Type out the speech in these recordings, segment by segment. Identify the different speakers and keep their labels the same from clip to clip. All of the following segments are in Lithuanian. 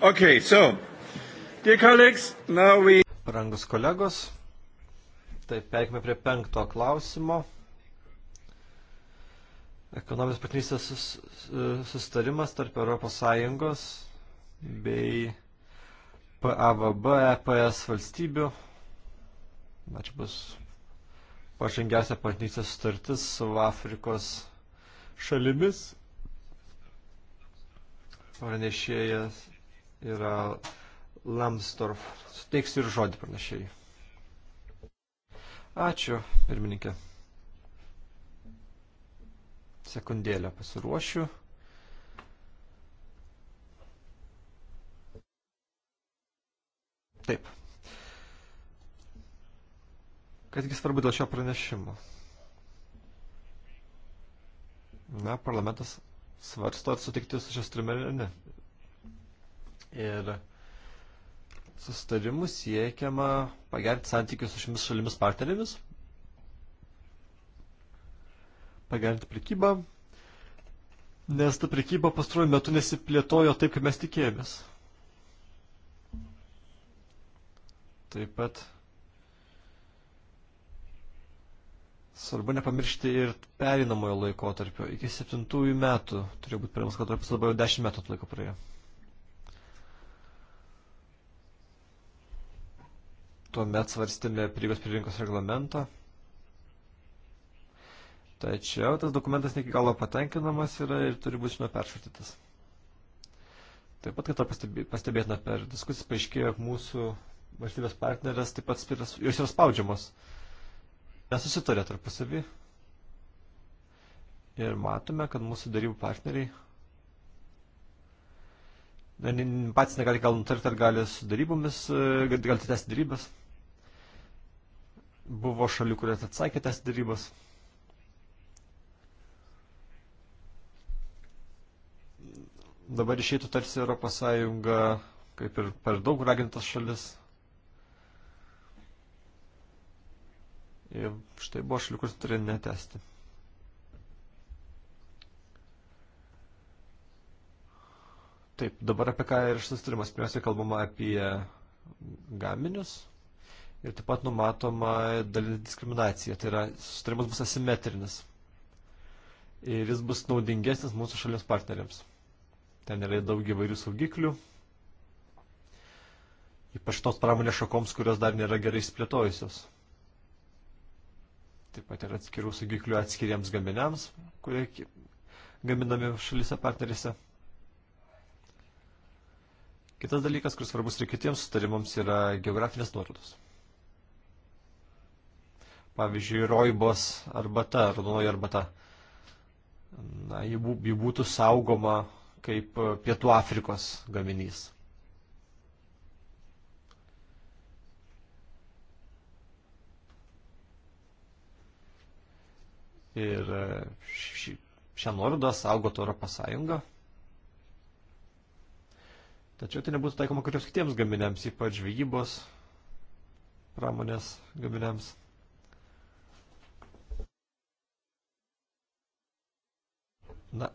Speaker 1: Okay, so, dear colleagues, now we... Rangus kolegos, taip perkime prie penkto klausimo. Ekonominės partnerystės sus, sustarimas tarp ES bei PAVB, EPS valstybių. Na, čia bus pažangiausia partnerystės sutartis su Afrikos šalimis pranešėjas yra Lamstorf. Suteiksiu ir žodį pranešėjai. Ačiū, pirmininkė. Sekundėlę pasiruošiu. Taip. Kasgi svarbu dėl šio pranešimo? Na, parlamentas svarsto, ar sutikti su šias trimerinė Ir sustarimu siekiama pagerinti santykius su šiomis šalimis partnerėmis, pagerinti prekybą, nes ta prekyba pastaruoju metu nesiplėtojo taip, kaip mes tikėjomės. Taip pat Svarbu nepamiršti ir perinamojo laikotarpio. Iki septintųjų metų turėjo būti perimas laikotarpis, dabar jau dešimt metų laiko praėjo. Tuomet svarstėme prieigos prie rinkos reglamentą. Tačiau tas dokumentas ne iki galo patenkinamas yra ir turi būti žinoma peršvartytas. Taip pat, kad pastebėtume per diskusijas, paaiškėjo, jog mūsų valstybės partnerės taip pat spiras, jos yra spaudžiamos. Nesusitarė tarpusavį. Ir matome, kad mūsų darybų partneriai patys negali gal nutarti, ar gali su darybomis, e, gali tęsti darybas. Buvo šalių, kurias atsakė tas darybas. Dabar išeitų tarsi Europos Sąjunga, kaip ir per daug ragintas šalis. Ir štai buvo šalių, kuris turėjo netesti. Taip, dabar apie ką ir šis tyrimas. Pirmiausia, kalbama apie gaminius, ir taip pat numatoma dalinė diskriminacija, tai yra sustarimas bus asimetrinis ir jis bus naudingesnis mūsų šalims partneriams. Ten yra daug įvairių saugiklių, ypač tos pramonės šakoms, kurios dar nėra gerai išplėtojusios. Taip pat yra atskirų saugiklių atskiriems gaminiams, kurie gaminami šalyse partnerėse. Kitas dalykas, kuris svarbus ir kitiems sutarimams, yra geografinės nuorodos. Pavyzdžiui, roibos arbata, raudonoji arbata. Na, ji, bū, ji būtų saugoma kaip e, Pietų Afrikos gaminys. Ir e, ši, šią nuorodą saugotų Europos Sąjunga. Tačiau tai nebūtų taikoma kokios kitiems gaminiams, ypač žvejybos pramonės gaminiams. Na,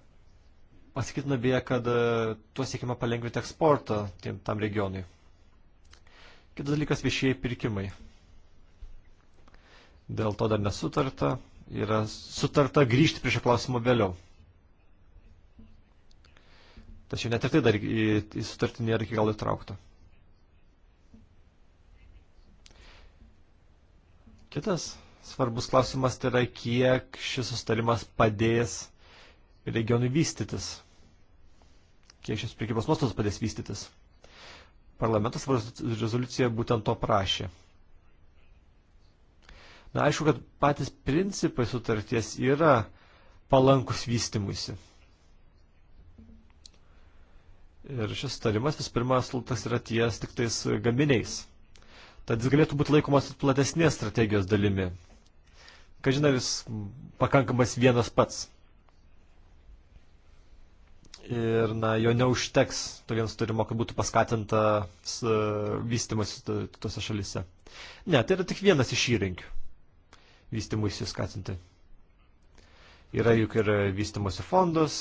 Speaker 1: pasakytume beje, kad e, tuo siekime palengvinti eksportą tiem, tam regionui. Kitas dalykas - viešieji pirkimai. Dėl to dar nesutarta. Yra sutarta grįžti prie šio klausimo vėliau. Tačiau net ir tai dar į, į sutartį nėra iki galo įtraukta. Kitas svarbus klausimas tai yra, kiek šis sustarimas padės regionui vystytis, kiek šis prekybos nuostatas padės vystytis. Parlamentas rezoliuciją būtent to prašė. Na, aišku, kad patys principai sutarties yra palankus vystimuisi. Ir šis tarimas vis pirmas sultas yra ties tik tais gaminiais. Tad jis galėtų būti laikomas platesnės strategijos dalimi. Kažinai, jis pakankamas vienas pats ir na, jo neužteks tokiems turimo, kad būtų paskatinta vystimas tose šalise. Ne, tai yra tik vienas iš įrankių vystimui įsiskatinti. Yra juk ir vystimosi fondas,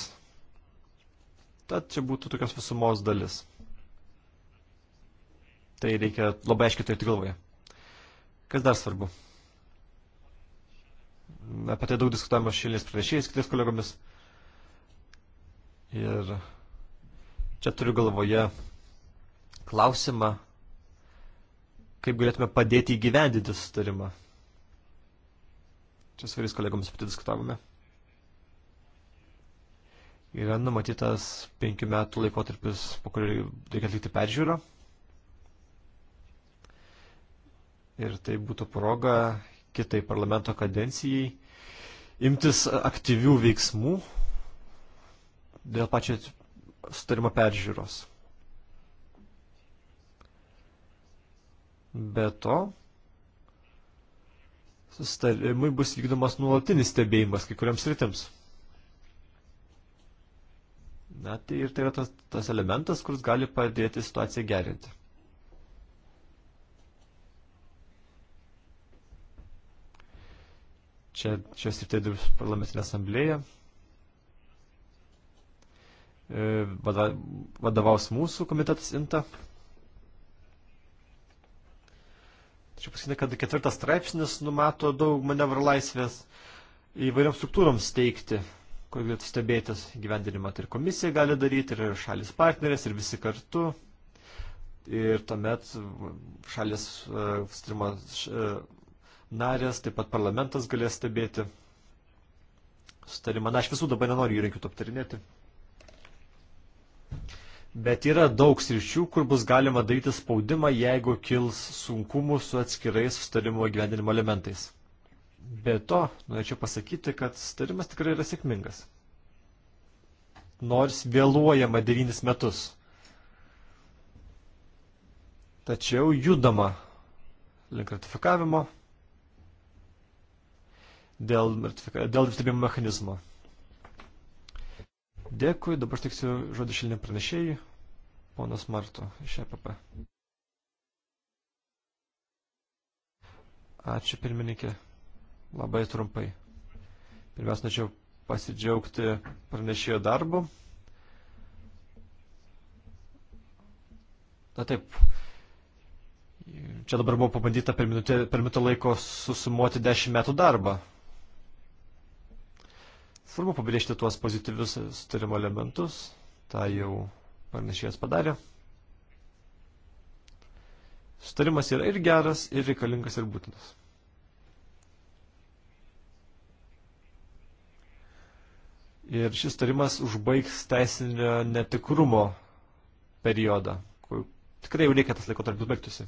Speaker 1: tad čia būtų tokios visumos dalis. Tai reikia labai aiškiai turėti galvoje. Kas dar svarbu? Apie tai daug diskutuojama šiliniais pranešėjais, kitais kolegomis. Ir čia turiu galvoje klausimą, kaip galėtume padėti įgyvendinti sustarimą. Čia su vairiais kolegomis apie tai diskutavome. Yra numatytas penkių metų laikotarpis, po kurio reikia atlikti peržiūrą. Ir tai būtų proga kitai parlamento kadencijai imtis aktyvių veiksmų, dėl pačio sutarimo peržiūros. Be to, sustarimui bus vykdomas nuolatinis stebėjimas kai kuriams rytims. Na, tai ir tai yra tas, tas elementas, kuris gali padėti situaciją gerinti. Čia, čia ir tai dirbs parlamentinė asamblėja. E, vadovaus mūsų komitetas INTA. Tačiau pasakyti, kad ketvirtas straipsnis numato daug manevrų laisvės įvairioms struktūroms steigti, kur galėtų stebėti gyvendinimą. Tai ir komisija gali daryti, ir šalis partnerės, ir visi kartu. Ir tuomet šalis e, strimo e, narės, taip pat parlamentas galės stebėti sutarimą. Na, aš visų dabar nenoriu įrankių to aptarinėti. Bet yra daug sričių, kur bus galima daryti spaudimą, jeigu kils sunkumų su atskirais sustarimo gyvendinimo elementais. Be to, norėčiau pasakyti, kad sustarimas tikrai yra sėkmingas. Nors vėluojama devynis metus. Tačiau judama link ratifikavimo dėl, dėl ratifikavimo mechanizmo. Dėkui, dabar tiksiu žodį šilinį pranešėjai, ponas Marto iš EPP. Ačiū pirmininkė, labai trumpai. Pirmiausia, norėčiau pasidžiaugti pranešėjo darbu. Na taip, čia dabar buvo pabandyta per, minutę, per minutę laiko susumuoti 10 metų darbą. Svarbu pabrėžti tuos pozityvius sutarimo elementus, tą jau pranešėjas padarė. Sutarimas yra ir geras, ir reikalingas, ir būtinas. Ir šis tarimas užbaigs teisinio netikrumo periodą, kur tikrai jau reikia tas laiko tarp baigtųsi.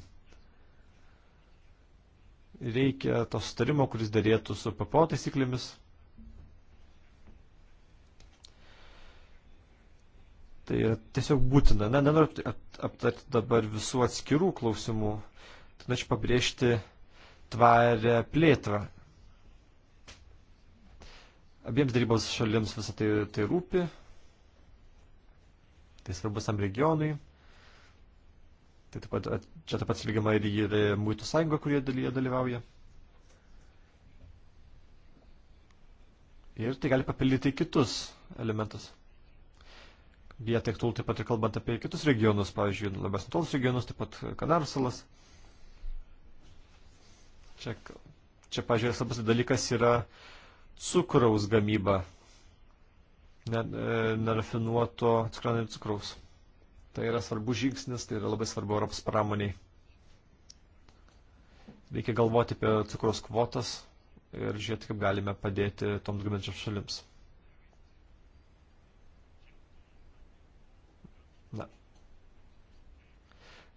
Speaker 1: Reikia to sutarimo, kuris dėrėtų su PPO taisyklėmis Tai yra tiesiog būtina. Na, nenoriu aptarti dabar visų atskirų klausimų. Tai norėčiau pabrėžti tvarę plėtrą. Abiems darybos šalims visą tai, tai rūpi. Tai svarbu visam regionui. Tai taip pat, čia taip pat atsilygiama ir į Mūtų sąjungą, kurie dalyje dalyvauja. Ir tai gali papildyti kitus elementus jie tiek tol taip pat ir kalbant apie kitus regionus, pavyzdžiui, labiausiai tolus regionus, taip pat Kanarų salas. Čia, čia pažiūrėjau, svarbus dalykas yra cukraus gamyba, e, nerafinuoto cukranio cukraus. Tai yra svarbus žingsnis, tai yra labai svarbu Europos pramoniai. Reikia galvoti apie cukraus kvotas ir žiūrėti, kaip galime padėti toms gaminčiams šalims.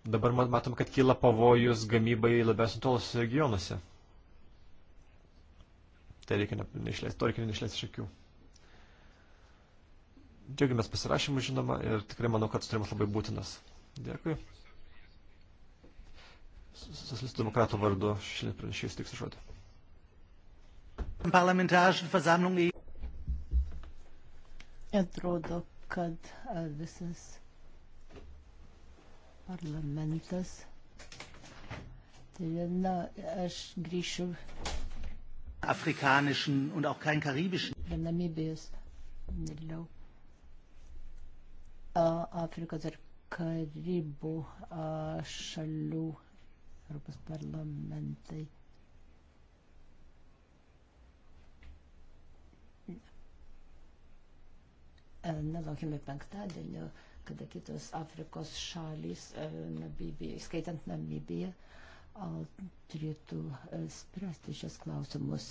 Speaker 1: Dabar matom, kad kyla pavojus gamybai labiausiai tolose regionuose. Tai reikia neišleisti, to reikia neišleisti iš akių. Džiaugiamės pasirašymu, žinoma, ir tikrai manau, kad sutarimas labai būtinas. Dėkui. Socialistų demokratų vardu šiandien pranešėjus tiks žodį. Parlamentarischen Versammlung.
Speaker 2: Atrodo, kad visas parlamentas. Tai na, aš grįšiu.
Speaker 1: Afrikanischen und auch kein karibischen.
Speaker 2: Namibijos. Vėliau. Afrikos ir Karibų šalių Europos parlamentai. E, nelaukime penktadienio kada kitos Afrikos šalys, e, Namibija, skaitant Namibiją, turėtų e, spręsti šias klausimus.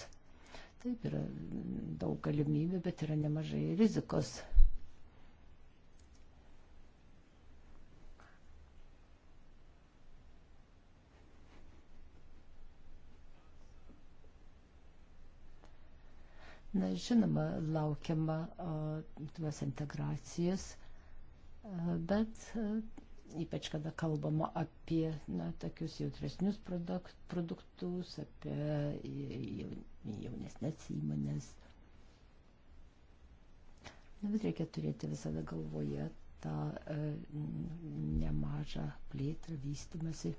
Speaker 2: Taip yra daug galimybių, bet yra nemažai rizikos. Na, žinoma, laukiama tos integracijos bet ypač kada kalbama apie na, tokius jautresnius produkt, produktus, apie jaunesnės įmonės. Na, bet reikia turėti visada galvoje tą e, nemažą plėtrą, vystimasi.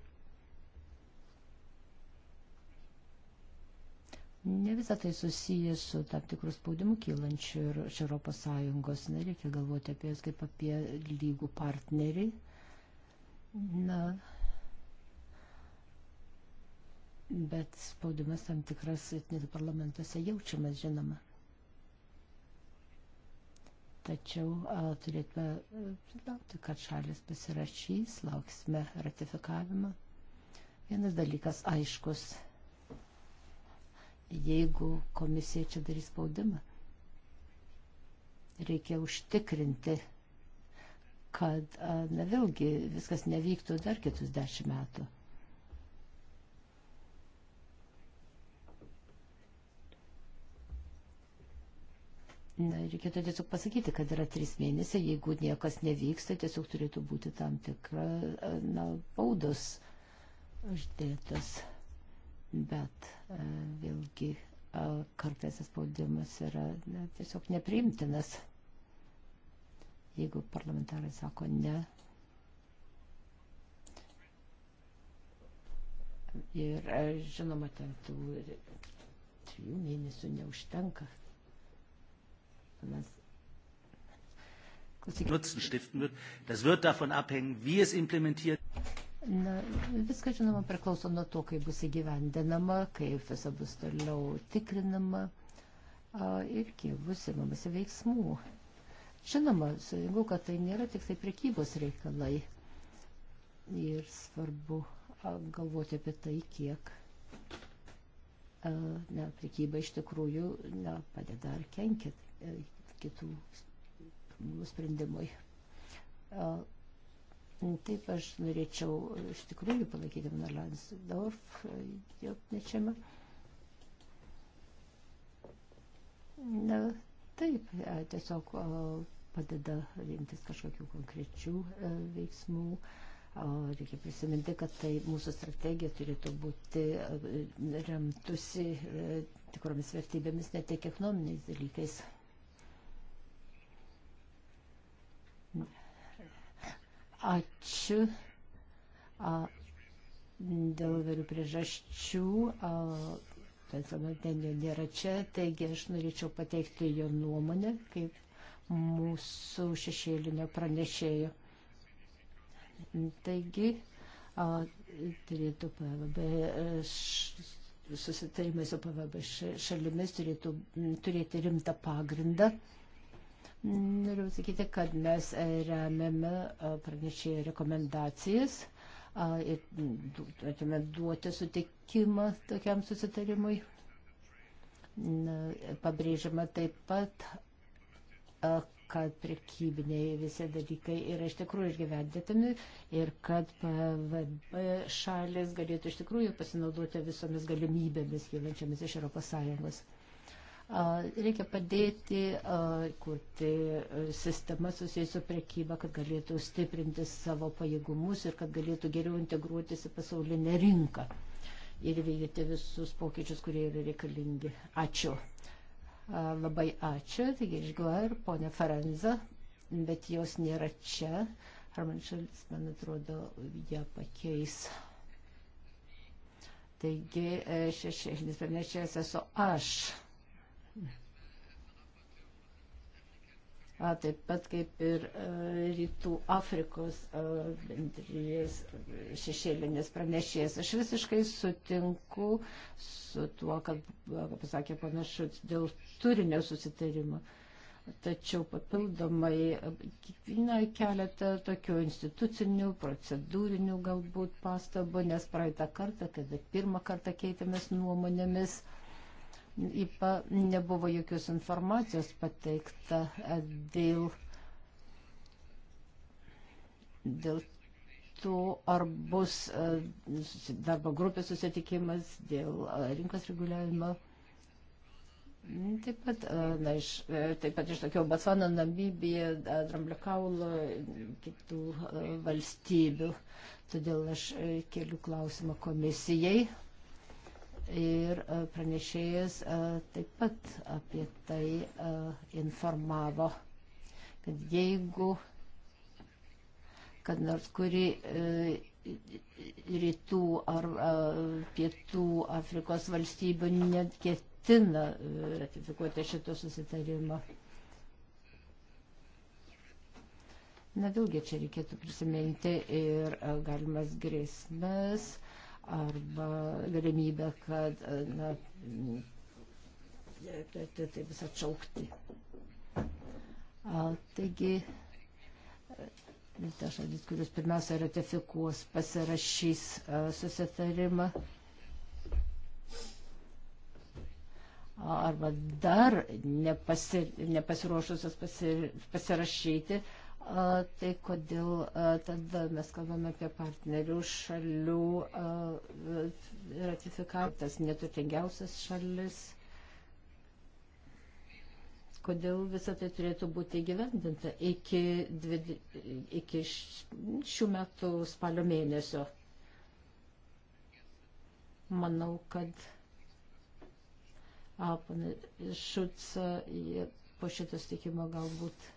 Speaker 2: Ne visą tai susijęs su tam tikrų spaudimų kylančių ir iš Europos Sąjungos. Nereikia galvoti apie jas kaip apie lygų partnerį. Na, bet spaudimas tam tikras net parlamentuose jaučiamas, žinoma. Tačiau a, turėtume e, laukti, kad šalis pasirašys, lauksime ratifikavimą. Vienas dalykas aiškus – jeigu komisija čia darys spaudimą. Reikia užtikrinti, kad, na vėlgi, viskas nevyktų dar kitus dešimt metų. Na, reikėtų tiesiog pasakyti, kad yra trys mėnesiai, jeigu niekas nevyksta, tiesiog turėtų būti tam tikra, na, baudos uždėtas bet e, vėlgi e, kartais tas spaudimas yra na, tiesiog nepriimtinas. Jeigu parlamentarai sako ne. Ir e, žinoma, ten tų trijų mėnesių neužtenka. Mes
Speaker 1: Nutzen stiften
Speaker 2: wird. Das wird davon abhängen, wie es implementiert. Na, viskas, žinoma, priklauso nuo to, kaip bus įgyvendinama, kaip visa bus toliau tikrinama ir kiek bus įmamasi veiksmų. Žinoma, sujungu, kad tai nėra tik tai prekybos reikalai. Ir svarbu galvoti apie tai, kiek na, prekyba iš tikrųjų na, padeda ar kenkia e, kitų sprendimui. Taip aš norėčiau iš tikrųjų palaikyti Van Lansdorf, jo nečiame. Na, taip, tiesiog padeda imtis kažkokių konkrečių e, veiksmų. Reikia prisiminti, kad tai mūsų strategija turėtų būti e, remtusi e, tikromis vertybėmis, ne tik ekonominiais dalykais. Ačiū. A, dėl įvairių priežasčių. Pensilvantenio nėra čia, taigi aš norėčiau pateikti jo nuomonę kaip mūsų šešėlinio pranešėjo. Taigi, a, turėtų PVB, e, susitarimai su PVB šalimis turėtų turėti rimtą pagrindą. A, Noriu sakyti, kad mes remiame pranešėjų rekomendacijas ir turėtume duoti sutikimą tokiam susitarimui. Pabrėžiama taip pat, kad prekybiniai visi dalykai yra iš tikrųjų išgyvendėtami ir kad PVB šalis galėtų iš tikrųjų pasinaudoti visomis galimybėmis kylančiamis iš ES. Reikia padėti kurti sistemą susijusiu prekybą, kad galėtų stiprinti savo pajėgumus ir kad galėtų geriau integruotis į pasaulinę rinką ir vykdyti visus pokyčius, kurie yra reikalingi. Ačiū. Labai ačiū. Taigi išgavau ir ponę Ferenza, bet jos nėra čia. Arman Šalis, man atrodo, ją pakeis. Taigi e, šešėlinis pranešėjas esu aš. A, taip pat kaip ir a, e, Rytų Afrikos a, e, bendrijos šešėlinės pranešėjas. Aš visiškai sutinku su tuo, kad, e, kaip pasakė panašus, dėl turinio susitarimo. Tačiau papildomai kiekvieną keletą tokių institucinių, procedūrinių galbūt pastabų, nes praeitą kartą, kada pirmą kartą keitėmės nuomonėmis, a, IPA nebuvo jokios informacijos pateikta e, dėl, dėl metu, ar bus e, darbo grupės susitikimas dėl e, rinkos reguliavimo. Taip pat, na, iš, taip pat išsakiau Botsvaną, Namibiją, Dramblio kaulą, kitų valstybių. Todėl aš keliu klausimą komisijai ir e, pranešėjas e, taip pat apie tai e, informavo, kad jeigu kad nors kuri rytų ar pietų Afrikos valstybių net ketina ratifikuoti šito susitarimo. Na vėlgi čia reikėtų prisiminti ir galimas grėsmės arba galimybę, kad na, tai bus tai, tai atšaukti. A, taigi, ta šalis, kuris pirmiausia ratifikuos, pasirašys a, susitarimą arba dar nepasi, nepasiruošusios pasir, pasirašyti, tai kodėl tada mes kalbame apie partnerių šalių ratifikatas neturtingiausias šalis? Kodėl visą tai turėtų būti įgyvendinta iki, dvi, iki šių metų spalio mėnesio? Manau, kad a, pana Šuca po šito stikimo galbūt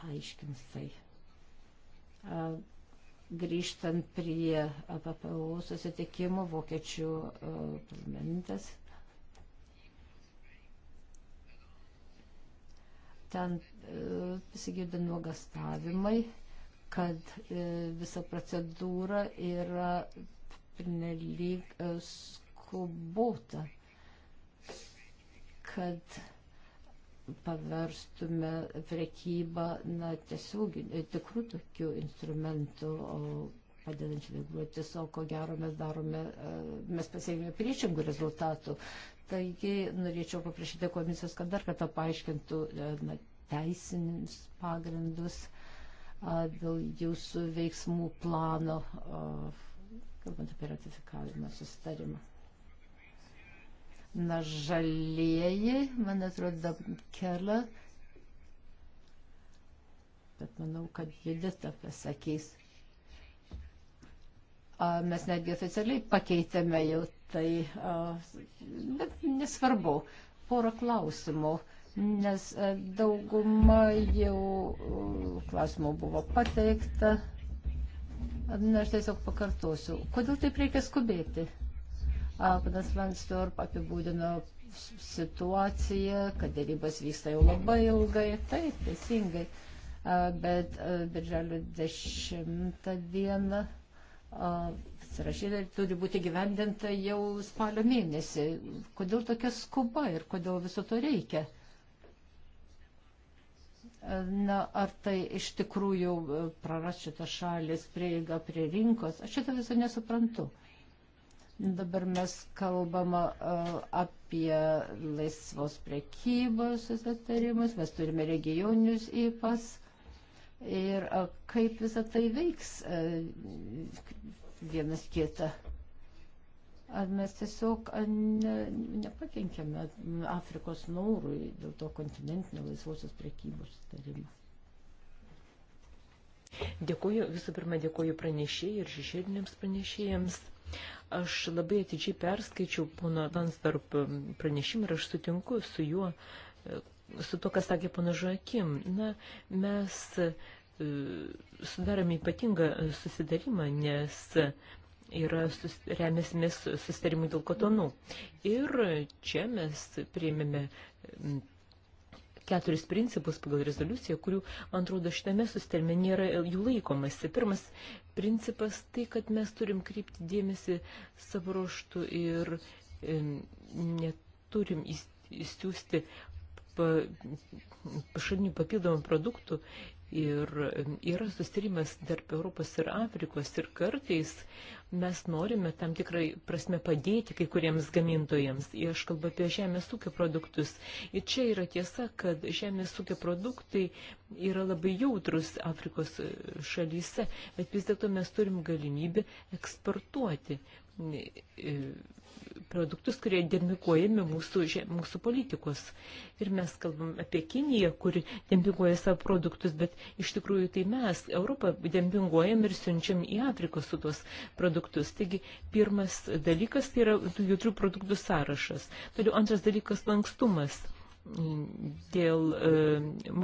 Speaker 2: paaiškins tai. Grįžtant prie PPU susitikimų, vokiečių parlamentas. Ten e, pasigirdė nuogastavimai, kad e, visa procedūra yra pernelyg e, skubota, kad paverstume prekybą na, tiesiog e, tikrų tokių instrumentų, padedančių reguliuoti, o ko gero mes darome, e, mes pasiekime priešingų rezultatų. Taigi norėčiau paprašyti komisijos, kad dar kartą paaiškintų e, na, teisinius pagrindus a, dėl jūsų veiksmų plano, a, kalbant apie ratifikavimą susitarimą. Na, žalieji, man atrodo, kelia. Bet manau, kad Judita pasakys. A, mes netgi oficialiai pakeitėme jau tai, a, bet nesvarbu. Porą klausimų nes dauguma jau klausimų buvo pateikta. Na, aš tiesiog pakartosiu. Kodėl taip reikia skubėti? Panas Vanstorp apibūdino situaciją, kad dėrybos vyksta jau labai ilgai, taip, teisingai, bet birželio 10 dieną atsirašyta ir turi būti gyvendinta jau spalio mėnesį. Kodėl tokia skuba ir kodėl viso to reikia? Na, ar tai iš tikrųjų praras šitą šalis prieigą prie rinkos? Aš šitą visą nesuprantu. Uh, Dabar mes kalbama apie laisvos prekybos susitarimus, mes turime regioninius įpas ir kaip visą tai veiks vienas kitą. Ar mes tiesiog ne,
Speaker 3: nepakenkėme Afrikos norui dėl to kontinentinio laisvosios prekybos sutarimo? Dėkuoju, visų pirma, dėkuoju pranešėjai ir šešėliniams pranešėjams. Aš labai atidžiai perskaičiau pono Vanstarp um, pranešimą ir aš sutinku su juo, e, su to, kas sakė pono Žakim. Na, mes e, sudarome ypatingą e, susidarimą, nes yra sus, remiasimės susitarimui dėl kotonų. Ir čia mes priėmėme keturis principus pagal rezoliuciją, kurių, man atrodo, šitame sustelme nėra jų laikomasi. Pirmas principas tai, kad mes turim krypti dėmesį savo ruoštų ir e, neturim įsiūsti pašalinių papildomų produktų Ir yra sustarimas tarp Europos ir Afrikos ir kartais mes norime tam tikrai prasme padėti kai kuriems gamintojams. Ir aš kalbu apie žemės ūkio produktus. Ir čia yra tiesa, kad žemės ūkio produktai yra labai jautrus Afrikos šalyse, bet vis dėlto mes turim galimybę eksportuoti E, produktus, kurie dempinguojami mūsų, mūsų politikus. Ir mes kalbam apie Kiniją, kuri dempinguoja savo produktus, bet iš tikrųjų tai mes Europą dempinguojam ir siunčiam į Afriką su tuos produktus. Taigi pirmas dalykas tai yra tų jautrių produktų sąrašas. Toliau antras dalykas lankstumas dėl e,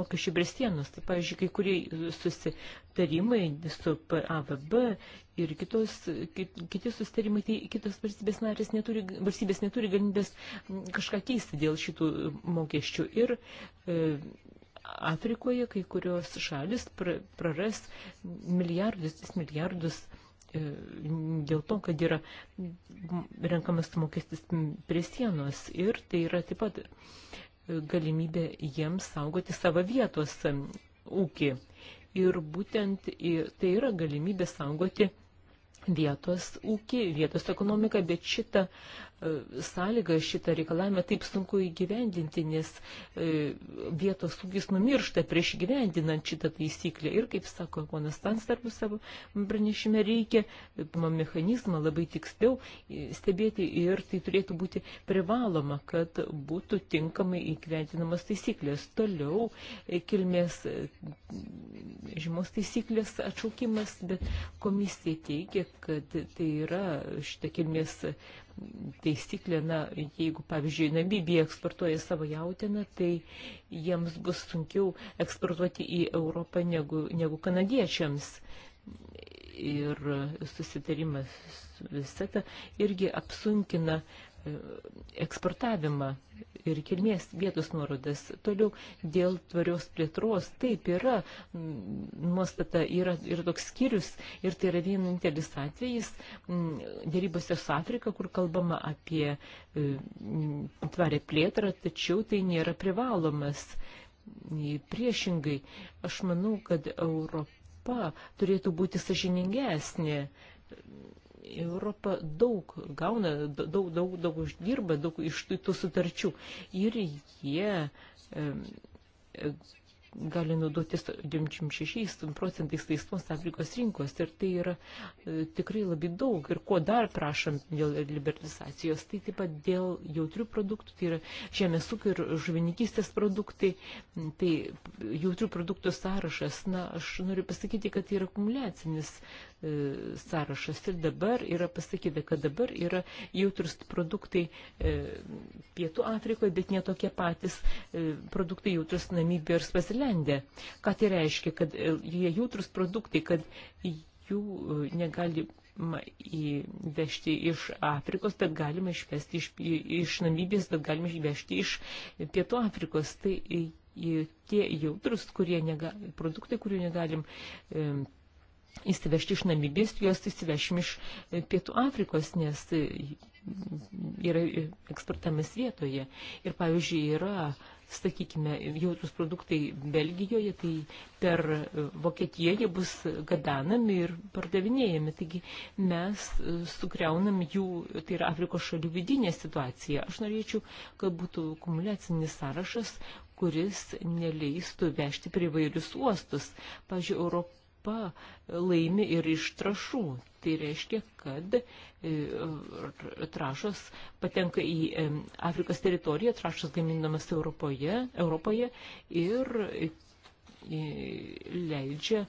Speaker 3: mokesčių brestienos. Tai, pavyzdžiui, kai kurie susitarimai su AVB ir kitos, kit, kiti susitarimai, tai kitos valstybės narės neturi, valstybės neturi galimybės kažką keisti dėl šitų mokesčių. Ir e, Afrikoje kai kurios šalis pra, praras milijardus, milijardus e, dėl to, kad yra renkamas mokestis prie sienos ir tai yra taip pat galimybę jiems saugoti savo vietos um, ūkį. Ir būtent tai yra galimybė saugoti vietos ūkį, vietos ekonomiką, bet šitą E, sąlygą, šitą reikalavimą taip sunku įgyvendinti, nes e, vietos ūkis numiršta prieš įgyvendinant šitą taisyklę. Ir, kaip sako ponas Stanstarpus savo pranešime, reikia e, mechanizmą labai tiksliau stebėti ir tai turėtų būti privaloma, kad būtų tinkamai įgyvendinamas taisyklės. Toliau kilmės žymos taisyklės atšaukimas, bet komisija teigia, kad tai yra šitą kilmės taisyklė, na, jeigu, pavyzdžiui, Namibija eksportuoja savo jautiną, tai jiems bus sunkiau eksportuoti į Europą negu, negu kanadiečiams. Ir susitarimas visata irgi apsunkina eksportavimą ir kilmės vietos nuorodas. Toliau dėl tvarios plėtros taip yra nuostata, yra, yra toks skyrius ir tai yra vienintelis atvejis dėrybose su Afrika, kur kalbama apie e, tvarę plėtrą, tačiau tai nėra privalomas. Priešingai, aš manau, kad Europa turėtų būti sažiningesnė Europa daug gauna, daug, daug, daug uždirba daug iš tų, tų sutarčių ir jie gali naudotis 96 procentais laisvos Afrikos rinkos ir tai yra e, tikrai labai daug. Ir ko dar prašom dėl liberalizacijos, tai taip pat dėl jautrių produktų, tai yra žemės ūkio ir žuvininkystės produktai, tai jautrių produktų sąrašas, na, aš noriu pasakyti, kad tai yra akumuliacinis e, sąrašas ir dabar yra pasakyta, kad dabar yra jautrus produktai e, Pietų Afrikoje, bet netokie patys e, produktai jautrus Namibijos pasiliauti. Tailandė. Ką tai reiškia, kad e, jie jautrus produktai, kad jų e, negali įvežti iš Afrikos, bet galima išvesti iš, iš Namibės, bet galima išvežti iš Pietų Afrikos. Tai e, tie jautrus nega, produktai, kurių negalim e, įsivežti iš Namibės, tai juos įsivešim iš Pietų Afrikos, nes yra eksportamas vietoje. Ir pavyzdžiui, yra sakykime, jautrus produktai Belgijoje, tai per Vokietiją jie bus gabenami ir pardavinėjami. Taigi mes e, sukreunam jų, tai yra Afrikos šalių vidinė situacija. Aš norėčiau, kad būtų kumulacinis sąrašas, kuris neleistų vežti prie vairius uostus. Pavyzdžiui, Europos Europa laimi ir iš trašų. Tai reiškia, kad e, trašos patenka į e, Afrikos teritoriją, trašos gaminamas Europoje, Europoje ir e, leidžia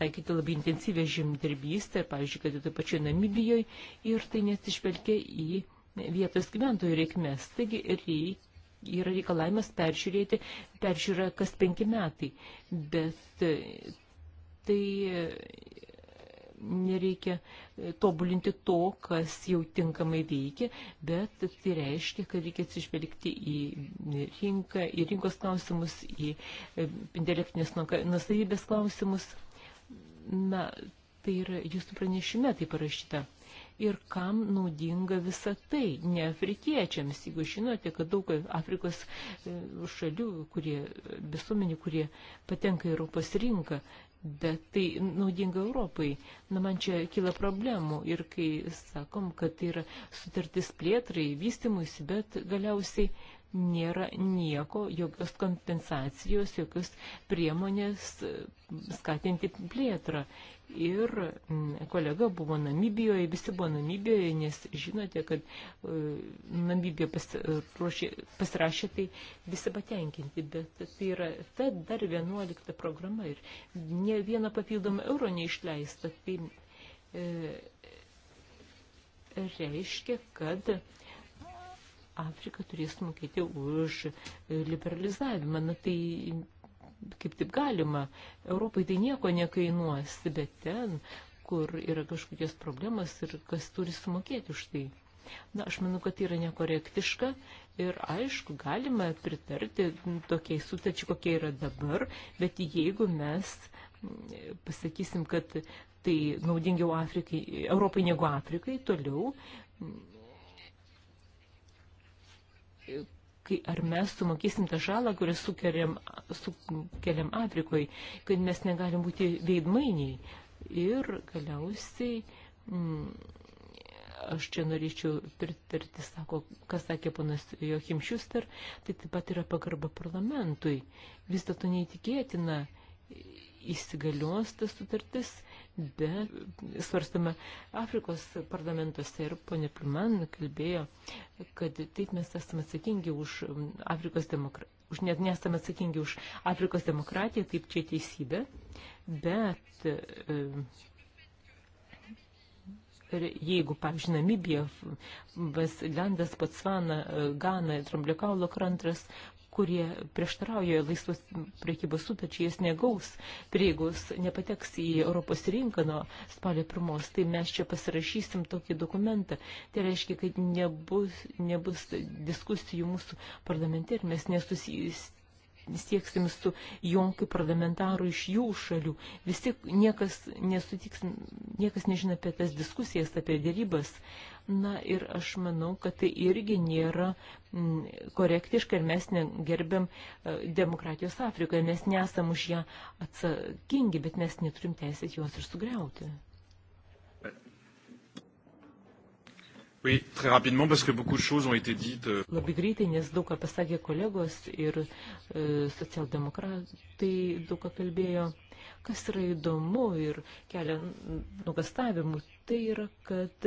Speaker 3: taikyti labai intensyvę žemdirbystę, pavyzdžiui, kad ir taip pačiai Namibijoje, ir tai nesižvelgia į vietos gyventojų reikmes. Taigi reik, yra reikalavimas peržiūrėti, peržiūra kas penki metai, bet tai e, nereikia e, tobulinti to, kas jau tinkamai veikia, bet tai reiškia, kad reikia atsižvelgti į rinką, į rinkos klausimus, į e, intelektinės nusavybės klausimus. Na, tai yra jūsų pranešime tai parašyta ir kam naudinga visa tai, ne afrikiečiams. Jeigu žinote, kad daug Afrikos šalių, kurie, visuomenių, kurie patenka į Europos rinką, bet tai naudinga Europai. Na, man čia kyla problemų ir kai sakom, kad tai yra sutartis plėtrai, vystimuisi, bet galiausiai nėra nieko, jokios kompensacijos, jokios priemonės skatinti plėtrą ir mm, kolega buvo Namibijoje, visi buvo Namibijoje, nes žinote, kad e, Namibija pasirašė, tai visi patenkinti, bet tai yra ta dar 11 programa ir ne viena papildoma euro neišleista, tai e, reiškia, kad Afrika turės mokėti už liberalizavimą. Na tai kaip taip galima. Europai tai nieko nekainuos, bet ten, kur yra kažkokios problemos ir kas turi sumokėti už tai. Na, aš manau, kad tai yra nekorektiška ir aišku, galime pritarti tokiai sutarčiai, kokia yra dabar, bet jeigu mes mm, pasakysim, kad tai naudingiau Afrikai, Europai negu Afrikai, toliau mm, kai ar mes sumokysim tą žalą, kurią sukeliam, sukeliam Afrikoje, kad mes negalim būti veidmainiai. Ir galiausiai, m, mm, aš čia norėčiau pritarti, sako, kas sakė ponas Joachim Schuster, tai taip pat yra pagarba parlamentui. Vis dėlto neįtikėtina įsigalios tas sutartis, bet svarstame Afrikos parlamentuose ir ponė Pliman kalbėjo, kad taip mes esame atsakingi už Afrikos demokratiją. Už net nesame atsakingi už Afrikos demokratiją, taip čia teisybė, bet e, jeigu, pavyzdžiui, Namibija, Vasgandas, Patsvana, e, Gana, Tramblikaulo krantas, kurie prieštarauja laisvos priekybos sutarčiai, jis negaus prieigos, nepateks į Europos rinką nuo spalio pirmos, tai mes čia pasirašysim tokį dokumentą. Tai reiškia, kad nebus, nebus diskusijų mūsų parlamente ir mes nesusijęs sieksim su jonkiu parlamentaru iš jų šalių. Vis tik niekas nesutiks, niekas nežino apie tas diskusijas, apie dėrybas. Na ir aš manau, kad tai irgi nėra korektiška ir mes negerbiam e, demokratijos Afrikoje. Mes nesam už ją atsakingi, bet mes neturim teisės juos ir sugriauti.
Speaker 1: Oui, très rapidement, parce que beaucoup de choses ont été dites. Euh.
Speaker 3: Labai greitai, nes daug ką pasakė kolegos ir e, socialdemokratai daug ką kalbėjo. Kas yra įdomu ir kelia nugastavimų, tai yra, kad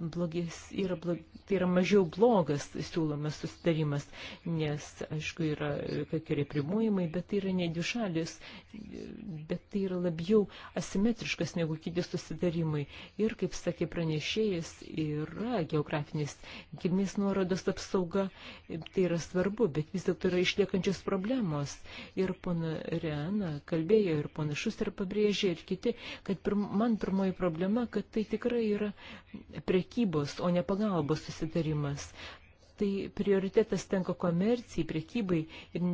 Speaker 3: blogis yra, blog, tai yra mažiau blogas siūlomas susitarimas, nes, aišku, yra kokie reprimuojimai, bet tai yra ne dvišalis, bet tai yra labiau asimetriškas negu kiti susitarimai. Ir, kaip sakė pranešėjas, yra geografinis kilmės nuorodos apsauga, tai yra svarbu, bet vis dėlto yra išliekančios problemos. Ir pana Reana kalbėjo, ir panašus ir pabrėžė, ir kiti, kad pirm, man pirmoji problema, kad tai tikrai yra prie priekybos, o ne pagalbos susitarimas. Tai prioritetas tenka komercijai, priekybai ir,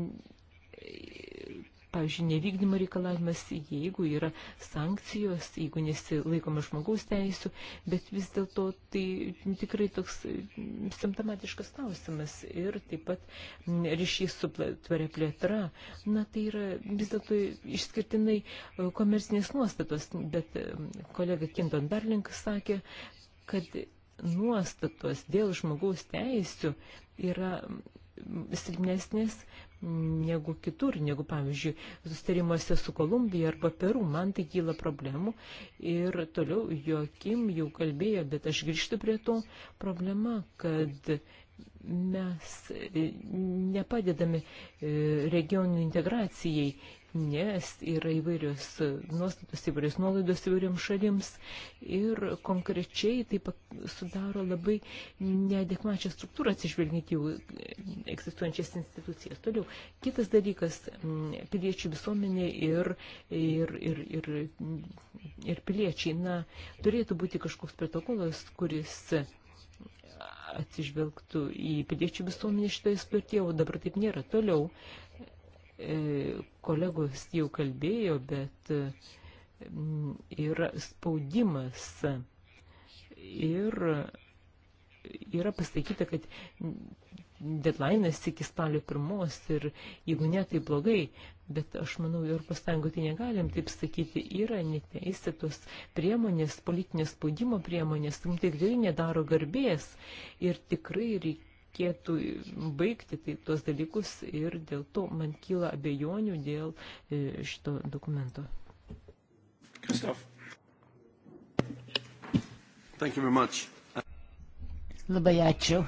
Speaker 3: pavyzdžiui, nevykdymo reikalavimas, jeigu yra sankcijos, jeigu nesilaikoma žmogaus teisų, bet vis dėlto tai tikrai toks mm, simptomatiškas klausimas ir taip pat mm, ryšys su tvaria plėtra. Na, tai yra vis dėlto išskirtinai e, komercinės nuostatos, bet mm, kolega Kinton Darling sakė, kad nuostatos dėl žmogaus teisių yra silpnesnės negu kitur, negu, pavyzdžiui, sustarimuose su Kolumbija arba Peru. Man tai kyla problemų ir toliau Joakim jau kalbėjo, bet aš grįžtu prie to problema, kad mes nepadedame e, regionų integracijai nes yra įvairios nuostatos, įvairios nuolaidos įvairioms šalims ir konkrečiai tai sudaro labai neadekvačią struktūrą atsižvelgiant jau egzistuojančias institucijas. Toliau, kitas dalykas - piliečių visuomenė ir, ir, ir, ir, ir piliečiai. Na, turėtų būti kažkoks protokolas, kuris atsižvelgtų į piliečių visuomenį šitoje sutartyje, o dabar taip nėra. Toliau E, kolegos jau kalbėjo, bet mm, yra spaudimas ir yra pasakyta, kad deadline'as iki spalio pirmos ir jeigu ne, tai blogai, bet aš manau, ir pastango tai negalim taip sakyti, yra neteisėtos priemonės, politinės spaudimo priemonės, tam tikrai nedaro garbės ir tikrai reikia reikėtų baigti tai, tuos dalykus ir dėl to man kyla abejonių dėl e, šito dokumento. Kristof.
Speaker 2: Thank you very much.
Speaker 3: Labai ačiū.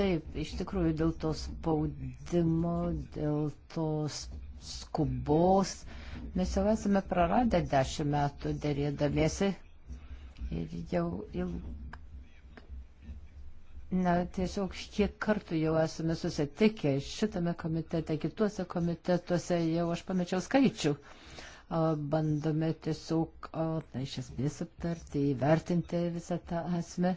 Speaker 2: Taip, iš tikrųjų dėl to spaudimo, dėl tos skubos mes jau esame praradę dešimt metų dėrėdamiesi Ir jau ilg... Na, tiesiog kiek kartų jau esame susitikę šitame komitete, kituose komitetuose, jau aš pamečiau skaičių. Bandome tiesiog, na, iš esmės aptarti, įvertinti visą tą esmę.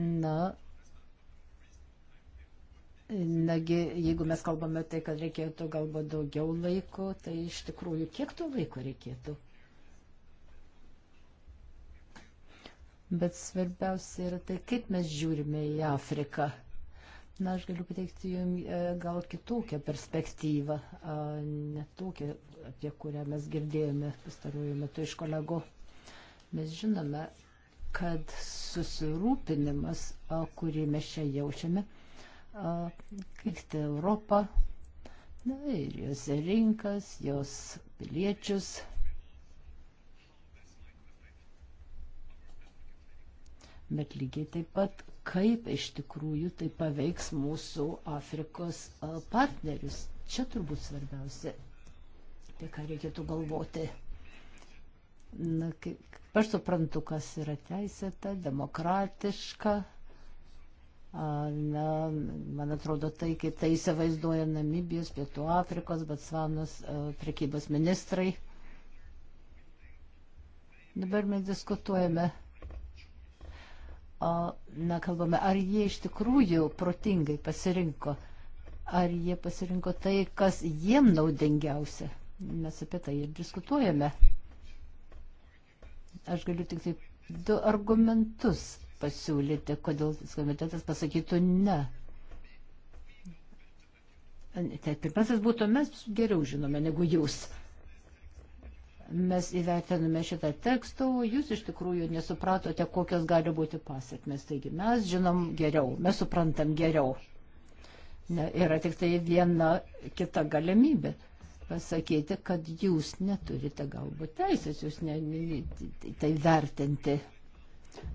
Speaker 2: Na, Nagi, jeigu mes kalbame tai, kad reikėtų galbūt daugiau laiko, tai iš tikrųjų kiek to laiko reikėtų? Bet svarbiausia yra tai, kaip mes žiūrime į Afriką. Na, aš galiu pateikti jums e, gal kitokią perspektyvą, ne tokią, apie kurią mes girdėjome pastarųjų metų iš kolegų. Mes žinome, kad susirūpinimas, kurį mes čia jaučiame, keisti Europą, na, ir jos rinkas, jos piliečius, bet lygiai taip pat kaip iš tikrųjų tai paveiks mūsų Afrikos partnerius. Čia turbūt svarbiausia, apie ką reikėtų galvoti. Na, kaip, aš suprantu, kas yra teisėta, demokratiška. Na, man atrodo, tai kaip tai įsivaizduoja Namibijos, Pietų Afrikos, Batsvanos prekybos ministrai. Dabar mes diskutuojame. Mm na, kalbame, ar jie iš tikrųjų protingai pasirinko, ar jie pasirinko tai, kas jiem naudingiausia. Mes apie tai ir diskutuojame. Aš galiu tik taip du argumentus pasiūlyti, kodėl komitetas pasakytų ne. Tai pirmasis būtų, mes geriau žinome negu jūs mes įvertiname šitą tekstą, o jūs iš tikrųjų nesupratote, kokios gali būti pasiekmes. Taigi mes žinom geriau, mes suprantam geriau. Ne, yra tik tai viena kita galimybė pasakyti, kad jūs neturite galbūt teisės, jūs ne, ne, tai vertinti.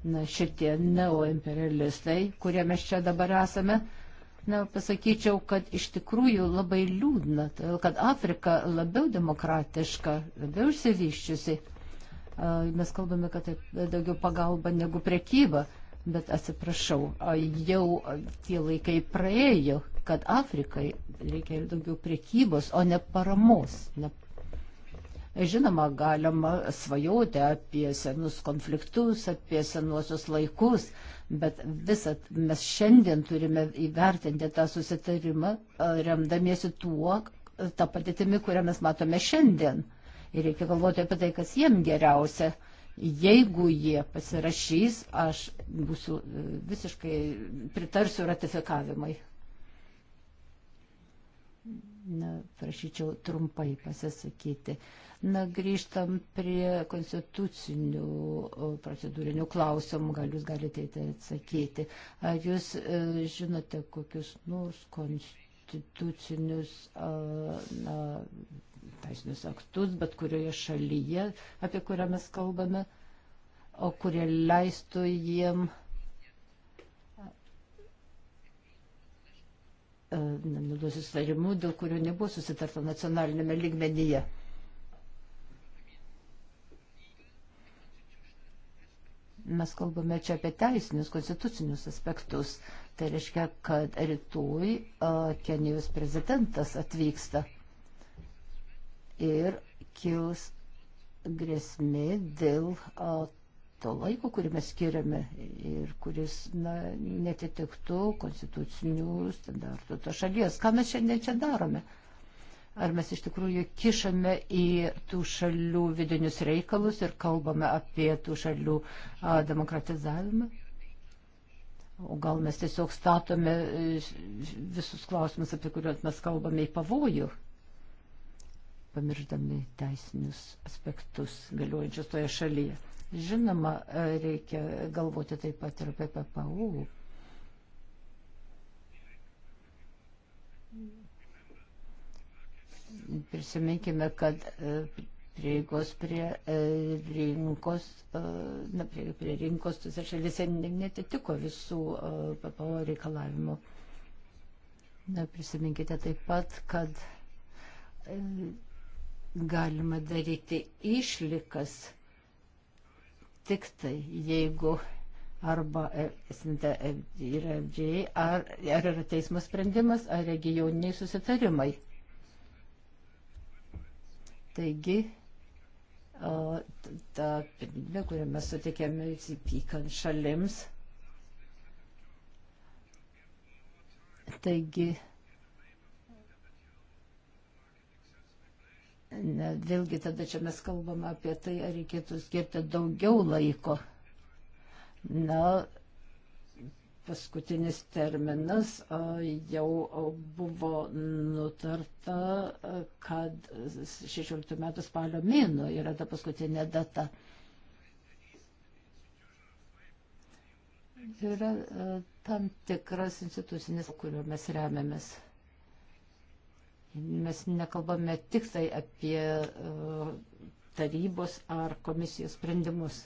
Speaker 2: Na, šitie neoimperialistai, kurie mes čia dabar esame, uh, na, pasakyčiau, kad iš tikrųjų labai liūdna, kad Afrika labiau demokratiška, labiau išsivyščiusi. Mes kalbame, kad tai daugiau pagalba negu prekyba, bet atsiprašau, jau tie laikai praėjo, kad Afrikai reikia ir daugiau prekybos, o ne paramos. Ne Žinoma, galima svajoti apie senus konfliktus, apie senuosius laikus, Bet visą mes šiandien turime įvertinti tą susitarimą, e, remdamiesi tuo, tą patitimi, kurią mes matome šiandien. Ir reikia galvoti apie tai, kas jiem geriausia. Jeigu jie pasirašys, aš būsiu e, visiškai pritarsiu ratifikavimui. Na, prašyčiau trumpai pasisakyti. Na, grįžtam prie konstitucinių procedūrinių klausimų, gal jūs galite tai atsakyti. Ar jūs e, žinote kokius nors konstitucinius na, teisinius aktus, bet kurioje šalyje, apie kurią mes kalbame, o kurie leistų jiem E, naudos susitarimų, dėl kurių nebuvo susitarta nacionalinėme lygmenyje. Mes kalbame čia apie teisinius, konstitucinius aspektus. Tai reiškia, kad rytoj e, Kenijos prezidentas atvyksta ir kils grėsmė dėl e, to laiko, kurį mes skiriame ir kuris na, netitiktų konstitucinių standartų to šalies. Ką mes šiandien čia darome? Ar mes iš tikrųjų kišame į tų šalių vidinius reikalus ir kalbame apie tų šalių a, demokratizavimą? O gal mes tiesiog statome e, visus klausimus, apie kuriuos mes kalbame, į pavojų, pamirždami teisinius aspektus galiojančius toje šalyje. Žinoma, reikia galvoti taip pat ir apie PPU. Prisiminkime, kad e, prieigos prie e, rinkos, e, na, prie, prie rinkos tose šalyse netitiko visų PPO reikalavimų. Na, prisiminkite taip pat, kad galima daryti išlikas tik tai, jeigu arba e, e, yra FGA, ar, ar yra teismo sprendimas, ar regioniniai susitarimai. Taigi, ta pirminė, kurią mes sutikėme įsipykant šalims. Taigi, Ne, vėlgi tada čia mes kalbame apie tai, ar reikėtų skirti daugiau laiko. Na, paskutinis terminas jau buvo nutarta, kad 16 metų spalio mėno yra ta paskutinė data. Yra tam tikras institucinis, kuriuo mes remiamės. Mes nekalbame tik tai apie e, tarybos ar komisijos sprendimus.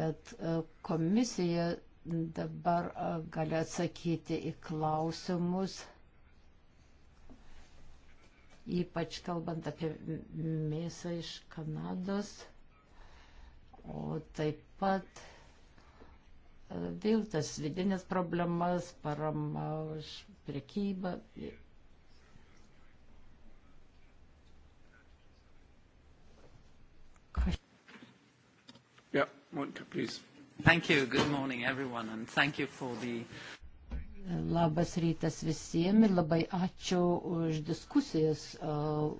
Speaker 2: Bet e, komisija dabar e, gali atsakyti į klausimus, ypač kalbant apie mėsą iš Kanados, o taip pat vėl tas vidinės problemas, parama už priekybą ir Yeah, Monica, please. Thank you. Good morning, everyone, and
Speaker 3: thank you for the
Speaker 2: Labas rytas visiems ir labai ačiū už diskusijas uh,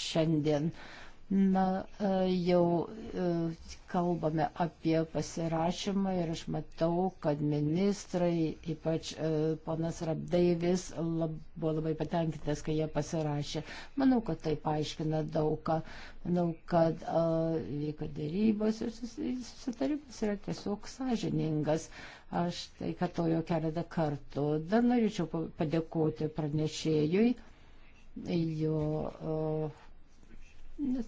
Speaker 2: šiandien. Na, e, jau e, kalbame apie pasirašymą ir aš matau, kad ministrai, ypač e, ponas Rabdaivis, lab, buvo labai patenkintas, kai jie pasirašė. Manau, kad tai paaiškina daugą. Manau, kad vyko dėrybos ir susitarimas yra tiesiog sąžiningas. Aš tai kartoju keletą kartų. Dar norėčiau padėkoti pranešėjui. Jo, uh, Nes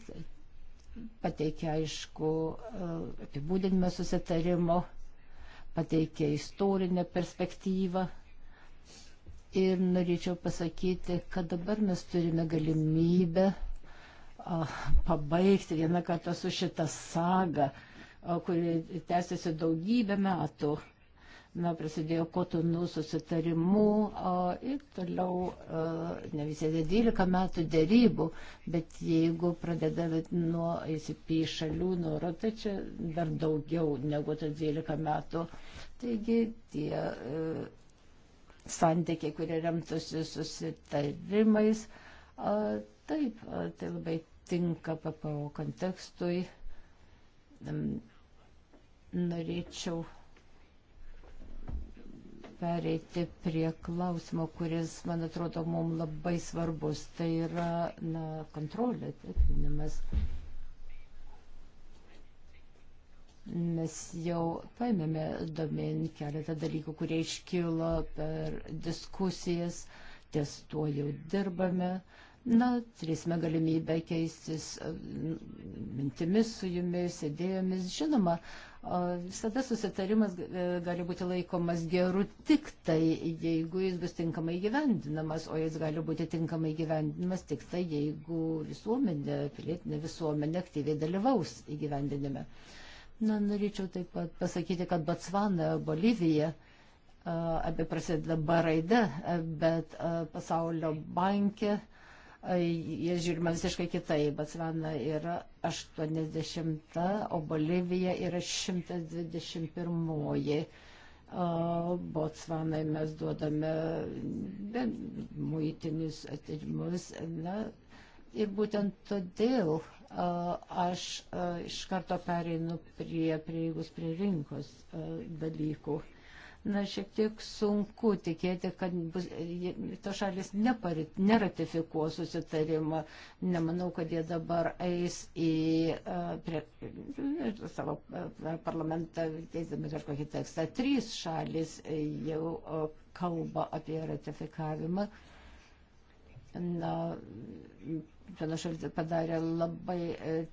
Speaker 2: pateikia aišku apibūdinimą susitarimo, pateikia istorinę perspektyvą. Ir norėčiau pasakyti, kad dabar mes turime galimybę pabaigti vieną kartą su šitą sagą, kuri tęsiasi daugybę metų na, prasidėjo kotonų susitarimu a, ir toliau a, ne visai 12 metų dėrybų, bet jeigu pradedame nuo ICP šalių noro, tai čia dar daugiau negu tas 12 metų. Taigi tie a, e, santykiai, kurie remtųsi susitarimais, a, taip, a, tai labai tinka PPO kontekstui. A, norėčiau pereiti prie klausimo, kuris, man atrodo, mums labai svarbus. Tai yra na, kontrolė, tikrinimas. Mes jau paėmėme domen keletą dalykų, kurie iškilo per diskusijas, ties tuo jau dirbame. Na, turėsime galimybę keistis mintimis su jumis, idėjomis. Žinoma, uh, Visada susitarimas e, gali būti laikomas geru tik tai, jeigu jis bus tinkamai gyvendinamas, o jis gali būti tinkamai gyvendinamas tik tai, jeigu visuomenė, pilietinė visuomenė aktyviai dalyvaus įgyvendinime. Na, norėčiau taip pat pasakyti, kad Botsvana, Bolivija, e, abi prasideda baraida, e, bet pasaulio bankė jie žiūrima visiškai kitaip. Botsvana yra 80, o Bolivija yra 121. Botsvanai mes duodame muitinius atidimus. Na, ir būtent todėl aš iš karto pereinu prie prieigos prie rinkos dalykų na, šiek tiek sunku tikėti, kad bus, to šalis neparit, neratifikuos susitarimą. Nemanau, kad jie dabar eis į uh, prie, uh, savo uh, parlamentą, teisdami kažkokį tekstą. Trys šalis jau uh, kalba apie ratifikavimą. Na, viena šalis padarė labai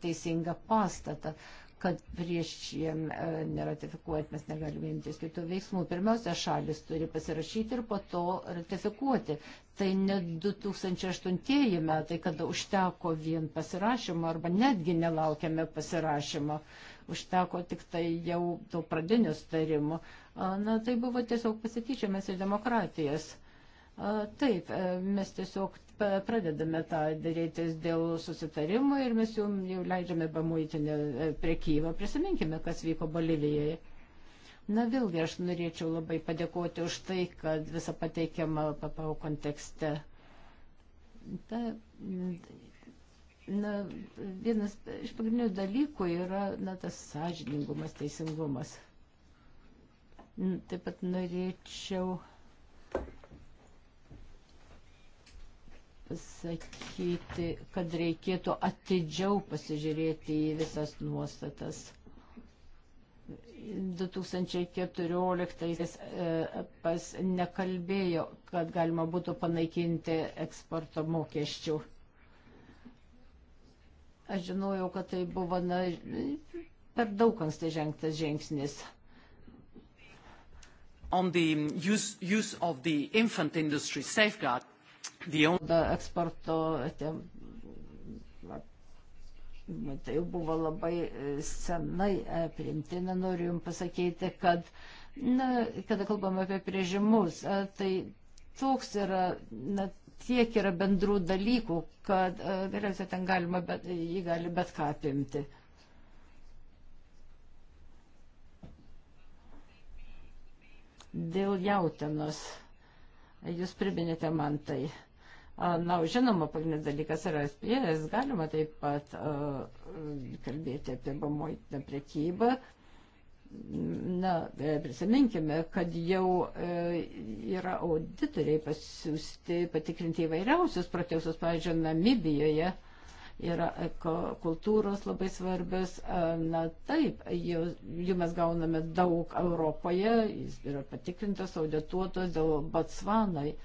Speaker 2: teisingą pastatą. Uh, kad prieš jiem e, neratifikuojant mes negalime imtis kitų veiksmų. Pirmiausia, šalis turi pasirašyti ir po to ratifikuoti. Tai ne 2008 metai, kada užteko vien pasirašymo arba netgi nelaukėme pasirašymo užteko tik tai jau to pradinio starimo. Na, tai buvo tiesiog pasityčiamas iš demokratijos. Taip, e, mes tiesiog pradedame tą darytis dėl susitarimo ir mes jau, jau leidžiame bamuitinę e, priekybą. Prisiminkime, kas vyko Bolivijoje. Na vėlgi aš norėčiau labai padėkoti už tai, kad visą pateikiamą papau kontekste. Ta, na, vienas iš pagrindinių dalykų yra na, tas sąžiningumas, teisingumas. Taip pat norėčiau pasakyti, kad reikėtų atidžiau pasižiūrėti į visas nuostatas. 2014 e, pas nekalbėjo, kad galima būtų panaikinti eksporto mokesčių. Aš žinojau, kad tai buvo na, per daug anksti žengtas žingsnis on the use, use of the infant industry safeguard eksporto tai jau buvo labai e, senai e, priimtina, noriu Jums pasakyti, kad, na, kada kalbame apie priežimus, e, tai toks yra, na, tiek yra bendrų dalykų, kad galiausiai ten galima, bet, jį gali bet ką apimti. Dėl jautinos. Jūs priminėte man tai. Na, žinoma, pagrindinis dalykas yra SPS, galima taip pat uh, kalbėti apie pamoitinę priekybą. Na, e, prisiminkime, kad jau uh, yra auditoriai pasiūsti patikrinti įvairiausius procesus, pavyzdžiui, Namibijoje. Uh, yra kultūros labai svarbios. Na taip, jų, jų mes gauname daug Europoje, jis yra patikrintas, audituotas dėl Botsvanai.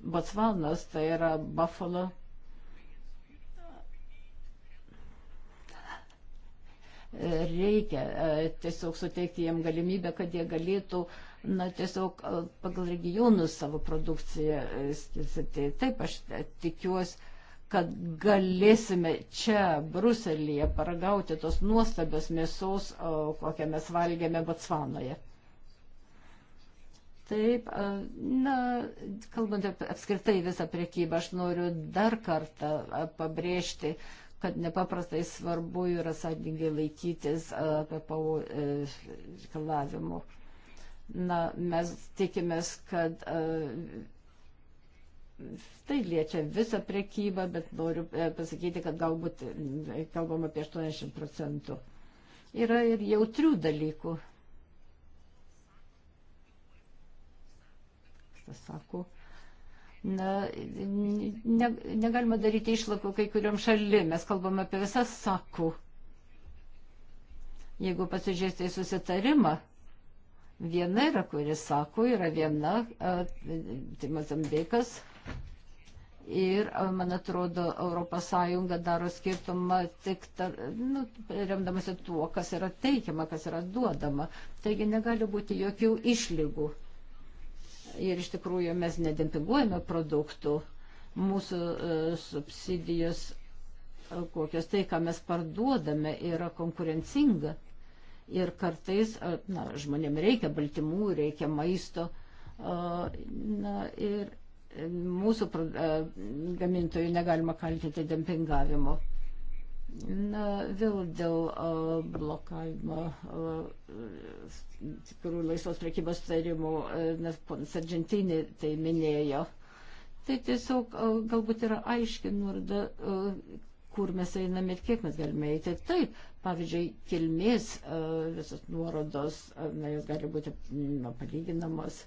Speaker 2: Botsvanas tai yra Buffalo. Reikia tiesiog suteikti jiem galimybę, kad jie galėtų uh, na, tiesiog pagal regionus savo produkciją skirstyti. Taip, aš tikiuosi, kad galėsime čia, Bruselėje, paragauti tos nuostabios mėsos, kokią mes valgėme Botsvanoje. Taip, na, kalbant apie apskritai visą priekybą, aš noriu dar kartą pabrėžti, kad nepaprastai svarbu yra sąlygingai laikytis PPO e, reikalavimų. Na, mes tikimės, kad Tai liečia visą prekybą, bet noriu e, pasakyti, kad galbūt e, kalbam apie 80 procentų. Yra ir jautrių dalykų. Kas sako? Na, ne, negalima daryti išlakų kai kuriuom šalim. Mes kalbam apie visas sakų. Jeigu pasižiūrėsite į susitarimą, viena yra, kuris sako, yra viena, e, tai Mozambikas, Ir, man atrodo, ES daro skirtumą tik tar, nu, remdamasi tuo, kas yra teikiama, kas yra duodama. Taigi negali būti jokių išlygų. Ir iš tikrųjų mes nedempinguojame produktų. Mūsų uh, subsidijos, uh, kokios tai, ką mes parduodame, yra konkurencinga. Ir kartais uh, na, žmonėm reikia baltymų, reikia maisto. Uh, na, ir, mūsų e, gamintojų negalima kaltinti dempingavimu. Na, vėl dėl uh, blokavimo e, uh, tikrų laisvos prekybos tarimų, uh, nes ponas Argentinė tai minėjo. Tai tiesiog uh, galbūt yra aiški nuorda, uh, kur mes einame ir kiek mes galime eiti. Taip, pavyzdžiui, kilmės uh, visas nuorodos, uh, na, jos gali būti na, palyginamos.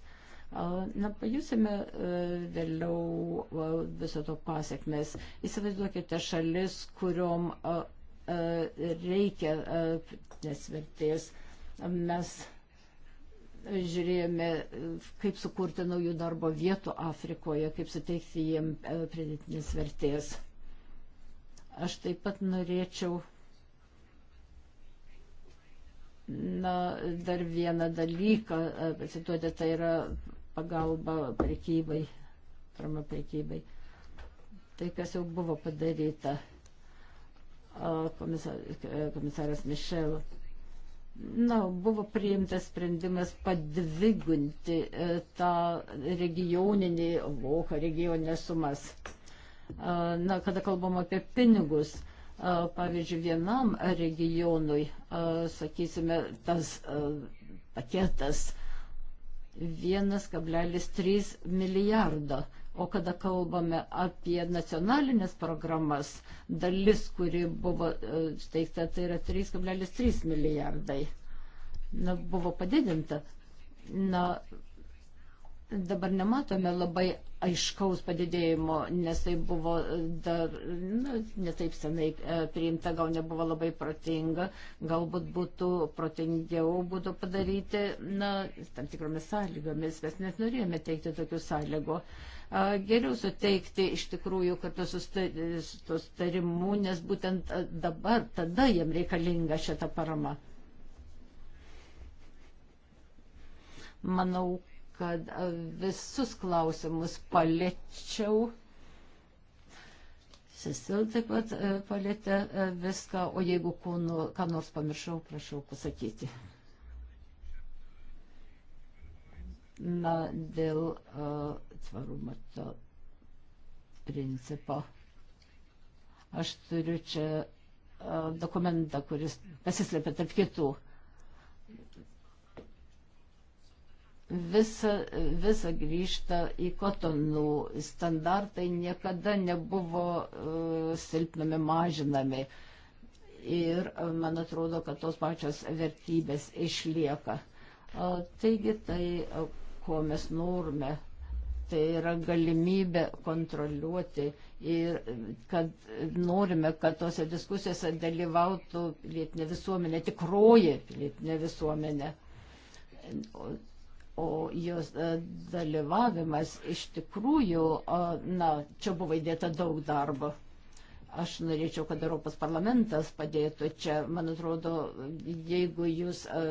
Speaker 2: Na, pajusime e, vėliau e, viso to pasiekmes. Įsivaizduokite šalis, kuriuom e, reikia nes vertės. Mes žiūrėjome, kaip sukurti naujų darbo vietų Afrikoje, kaip suteikti jiems pridėtinės vertės. Aš taip pat norėčiau na, dar vieną dalyką, cituoti, tai yra pagalba prekybai, parama prekybai. Tai, kas jau buvo padaryta, komisar, komisaras Mišel. Na, buvo priimtas sprendimas padvigunti e, tą regioninį voką, regioninės sumas. Na, kada kalbam apie pinigus, pavyzdžiui, vienam regionui, sakysime, tas paketas 1,3 milijardo. O kada kalbame apie nacionalinės programas, dalis, kuri buvo e, steigta, tai yra 3,3 milijardai. Na, buvo padidinta. Na, dabar nematome labai aiškaus padidėjimo, nes tai buvo dar nu, netaip senai e, priimta, gal nebuvo labai protinga, galbūt būtų protingiau būtų padaryti na, tam tikromis sąlygomis, mes net norėjome teikti tokių sąlygų. Geriau suteikti iš tikrųjų kartu su sustarimu, nes būtent dabar, tada jam reikalinga šita parama. Manau, kad e, visus klausimus paliečiau. Sesil taip pat e, palėtė e, viską, o jeigu kūnų, ką nors pamiršau, prašau pasakyti. Na, dėl uh, tvarumo to principo. Aš turiu čia uh, dokumentą, kuris pasislėpė tarp kitų. Uh, visa, visa grįžta į kotonų, standartai niekada nebuvo uh, silpnami, mažinami. Ir uh, man atrodo, kad tos pačios vertybės išlieka. Uh, taigi tai, uh, ko mes norime, tai yra galimybė kontroliuoti ir kad norime, kad tose diskusijose dalyvautų pilietinė visuomenė, tikroji pilietinė visuomenė o jos e, dalyvavimas iš tikrųjų, e, na, čia buvo įdėta daug darbo. Aš norėčiau, kad Europos parlamentas padėtų čia. Man atrodo, jeigu jūs e,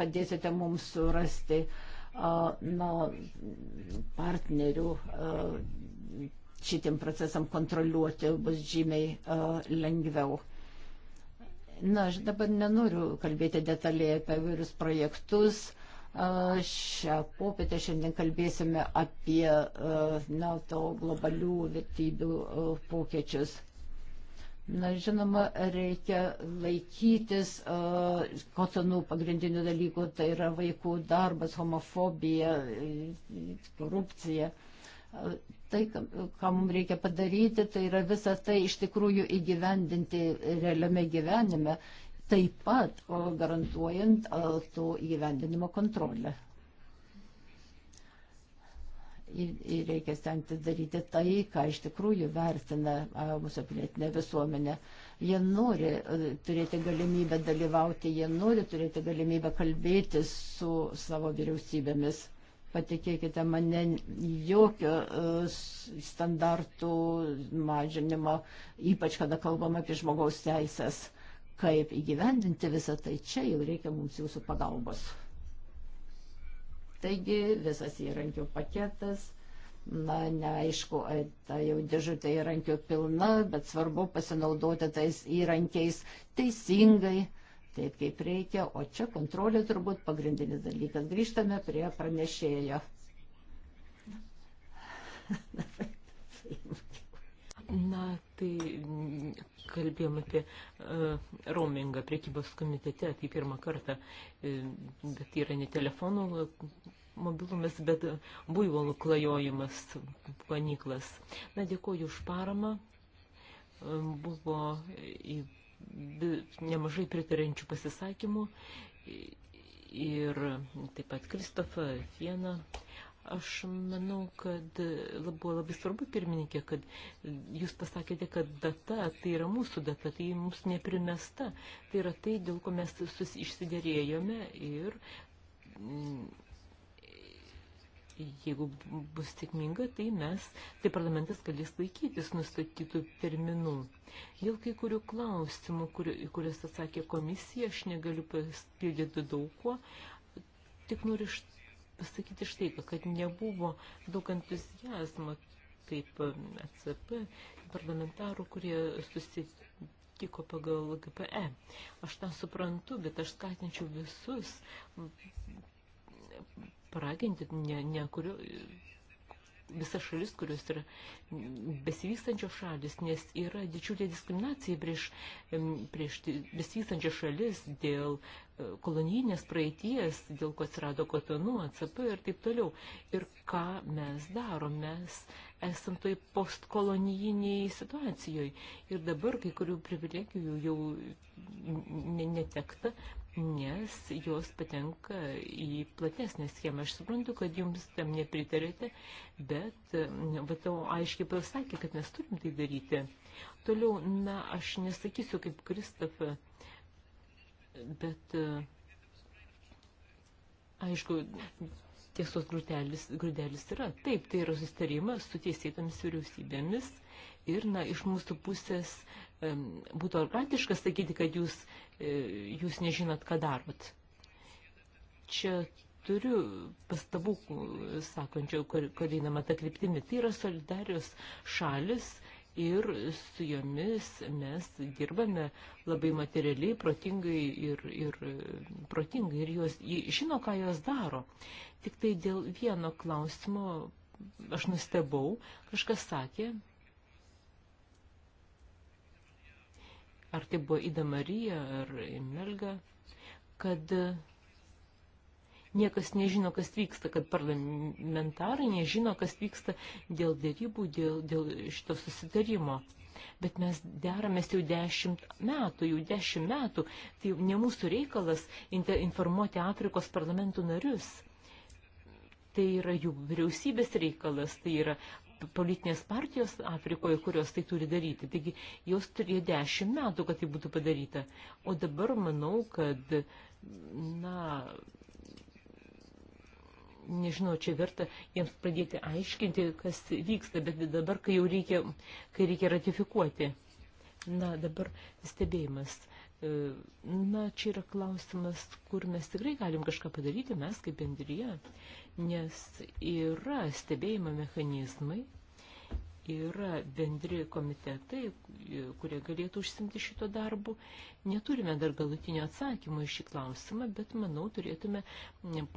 Speaker 2: padėsite mums surasti, na, partnerių šitiem procesam kontroliuoti, bus žymiai lengviau. Na, aš dabar nenoriu kalbėti detaliai apie vairius projektus Šią popietę šiandien kalbėsime apie na, to globalių vertybių pokyčius. Na, žinoma, reikia laikytis uh, kotonų pagrindinių dalykų, tai yra vaikų darbas, homofobija, korupcija. Uh, tai, ką mums reikia padaryti, tai yra visą tai iš tikrųjų įgyvendinti realiame gyvenime taip pat garantuojant to įgyvendinimo kontrolę. Ir, ir reikia stengtis daryti tai, ką iš tikrųjų vertina mūsų pilietinė visuomenė. Jie nori turėti galimybę dalyvauti, jie nori turėti galimybę kalbėti su savo vyriausybėmis. Patikėkite mane, jokio standartų mažinimo, ypač kada kalbam apie žmogaus teisės kaip įgyvendinti visą tai, čia jau reikia mums jūsų pagalbos. Taigi visas įrankių paketas, na neaišku, ta jau dėžutė įrankių pilna, bet svarbu pasinaudoti tais įrankiais teisingai, taip kaip reikia, o čia kontrolė turbūt pagrindinis dalykas. Grįžtame prie
Speaker 3: pranešėjo. Na, tai kalbėjom apie uh, roamingą priekybos komitete, tai pirmą kartą, e, bet tai yra ne telefonų mobilumas, bet buivolų klajojimas, paniklas. Na, dėkuoju už paramą. E, buvo nemažai pritarančių pasisakymų ir taip pat Kristofą, Fieną. Aš manau, kad buvo labai svarbu, pirmininkė, kad jūs pasakėte, kad data tai yra mūsų data, tai mums neprimesta. Tai yra tai, dėl ko mes išsiderėjome ir mm, jeigu bus sėkminga, tai mes, tai parlamentas galės laikytis nustatytų terminų. Dėl kai kurių klausimų, kuriu, kurias atsakė komisija, aš negaliu paspildyti daug ko, tik noriu iš pasakyti štai, kad nebuvo daug entuzijazmo kaip ACP parlamentarų, kurie susitiko pagal GPE. Aš tą suprantu, bet aš skatinčiau visus paraginti, ne, ne kurio visas šalis, kurios yra besivystančios šalis, nes yra didžiulė diskriminacija prieš, prieš besivystančias šalis dėl e, kolonijinės praeities, dėl ko atsirado kotonų, ACP ir taip toliau. Ir ką mes darom? Mes esam toj postkolonijiniai situacijoje. Ir dabar kai kurių privilegijų jau netekta, nes jos patenka į platesnę schemą. Aš suprantu, kad jums tam nepritarėte, bet mm, VTO aiškiai pasakė, kad mes turim tai daryti. Toliau, na, aš nesakysiu kaip Kristofą, bet e, aišku, tiesos grūdelis, grūdelis yra. Taip, tai yra sustarimas su teisėtomis vyriausybėmis ir, na, iš mūsų pusės e, būtų argatiška sakyti, kad jūs, e, jūs nežinot, ką darot. Čia turiu pastabų, e, sakančiau, kad einama ta kryptimi. Tai yra solidarios šalis, e, ir su jomis mes dirbame labai materialiai, protingai ir, ir protingai ir jos žino, ką jos daro. Tik tai dėl vieno klausimo aš nustebau, kažkas sakė, ar tai buvo Ida Marija ar Melga, kad niekas nežino, kas vyksta, kad parlamentarai nežino, kas vyksta dėl dėrybų, dėl, dėl šito susitarimo. Bet mes deramės jau dešimt metų, jau dešimt metų. Tai ne mūsų reikalas informuoti Afrikos parlamentų narius. Tai yra jų vyriausybės reikalas, tai yra politinės partijos Afrikoje, kurios tai turi daryti. Taigi jos turėjo dešimt metų, kad tai būtų padaryta. O dabar manau, kad na, nežinau, čia verta jiems pradėti aiškinti, kas vyksta, bet dabar, kai jau reikia, kai reikia ratifikuoti. Na, dabar stebėjimas. E, na, čia yra klausimas, kur mes tikrai galim kažką padaryti, mes kaip bendryje, nes yra stebėjimo mechanizmai, yra bendri komitetai, kurie galėtų užsimti šito darbu. Neturime dar galutinio atsakymo į šį klausimą, bet manau turėtume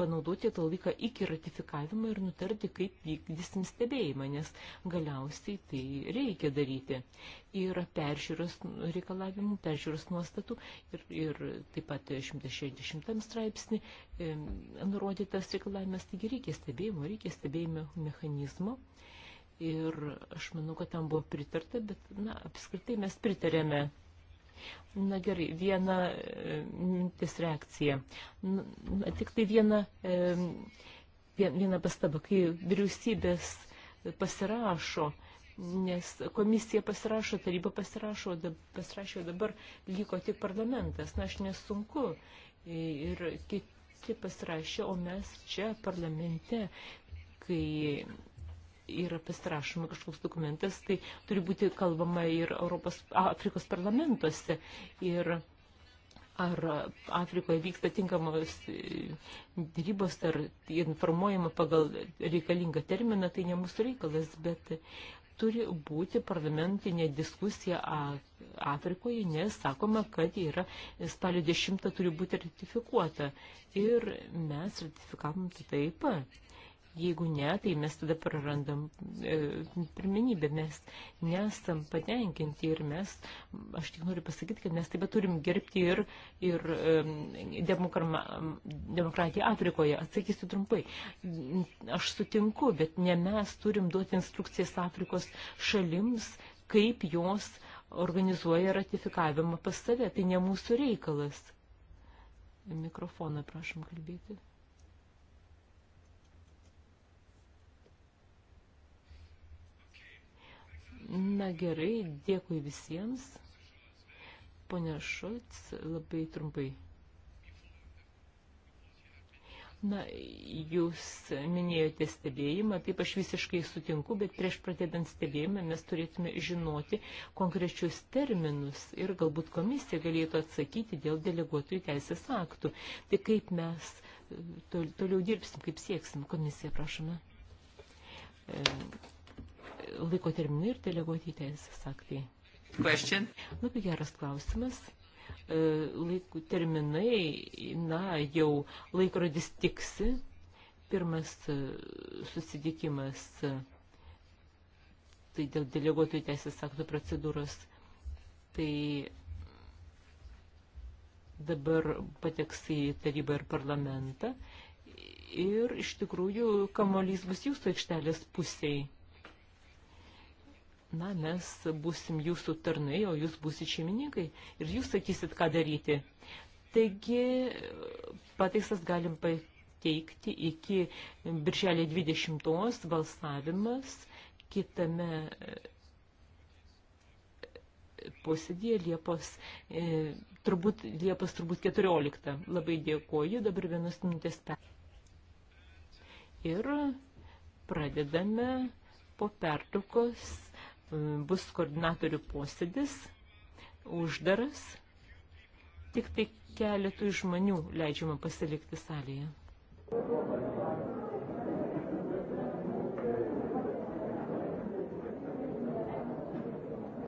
Speaker 3: panaudoti tą laiką iki ratifikavimo ir nutarti, kaip vykdysim stebėjimą, nes galiausiai tai reikia daryti. Yra peržiūros reikalavimų, peržiūros nuostatų ir, ir taip pat 160 straipsnį e, nurodytas reikalavimas, taigi reikia stebėjimo, reikia stebėjimo mechanizmo ir aš manau, kad tam buvo pritarta, bet, na, apskritai mes pritarėme. Na gerai, viena e, mintis reakcija. Na, tik tai viena, e, viena pastaba, kai vyriausybės pasirašo, nes komisija pasirašo, taryba pasirašo, da, pasirašo dabar liko tik parlamentas. Na, aš nesunku. Ir kiti pasirašė, o mes čia parlamente, kai yra pasirašoma kažkoks dokumentas, tai turi būti kalbama ir Europos, Afrikos parlamentuose. Ir ar Afrikoje vyksta tinkamos e, dėrybos, ar informuojama pagal reikalingą terminą, tai ne mūsų reikalas, bet turi būti parlamentinė diskusija Afrikoje, nes sakoma, kad yra spalio 10 turi būti ratifikuota. Ir mes ratifikavom tai taip. Jeigu ne, tai mes tada prarandam e, pirminybę, mes nesam patenkinti ir mes, aš tik noriu pasakyti, kad mes taip pat turim gerbti ir, ir e, demokrama, demokratiją Afrikoje. Atsakysiu trumpai. Aš sutinku, bet ne mes turim duoti instrukcijas Afrikos šalims, kaip jos organizuoja ratifikavimą pas save. Tai ne mūsų reikalas. Mikrofoną prašom kalbėti. Na gerai, dėkui visiems. Pone Šulc, labai trumpai. Na, jūs minėjote stebėjimą, taip aš visiškai sutinku, bet prieš pradedant stebėjimą mes turėtume žinoti konkrečius terminus ir galbūt komisija galėtų atsakyti dėl deleguotojų teisės aktų. Tai kaip mes e, toliau dirbsim, kaip sieksim, komisija prašome. E, laiko terminai ir deleguoti į teisės aktai. Question. Labai geras klausimas. E, Laikų terminai, na, jau laikrodis tiksi. Pirmas e, susitikimas, e, tai dėl deleguotojų teisės aktų procedūros, tai dabar pateks į tarybą ir parlamentą ir iš tikrųjų kamolys bus jūsų aikštelės pusėje na, mes būsim jūsų tarnai, o jūs būsit šeimininkai ir jūs sakysit, ką daryti. Taigi pataisas galim pateikti iki birželio 20 balsavimas kitame e, posėdėje Liepos, e, turbūt, Liepos turbūt 14. Labai dėkoju, dabar vienas minutės per. Ir pradedame po pertraukos bus koordinatorių posėdis, uždaras, tik tai keletui žmonių leidžiama pasilikti salėje.